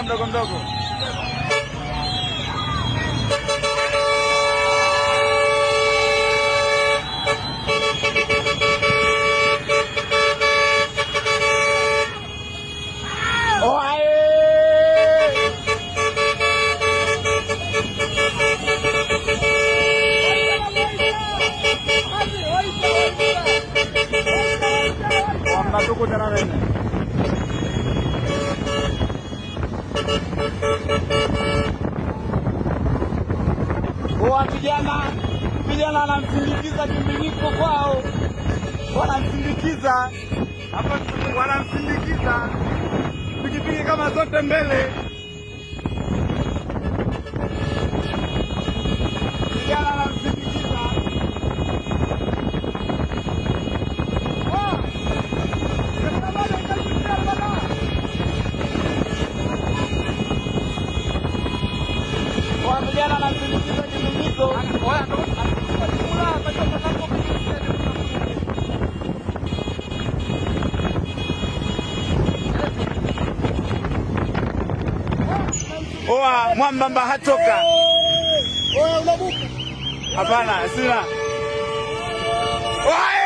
আমরা গন্ধ લોકો જણાવે છે huwa vijana vijana wanamsindikiza kimbiliko kwao, wanamsindikiza hapa, wanamsindikiza pikipiki kama zote mbele oa mwambamba hatoka. Oa unabuka. Hapana, sina. Eh!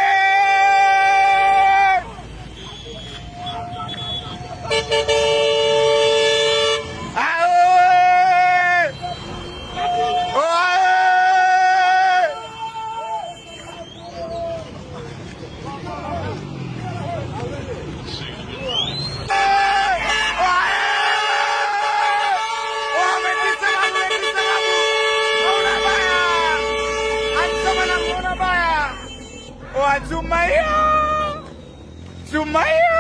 Sumaya! Sumaya!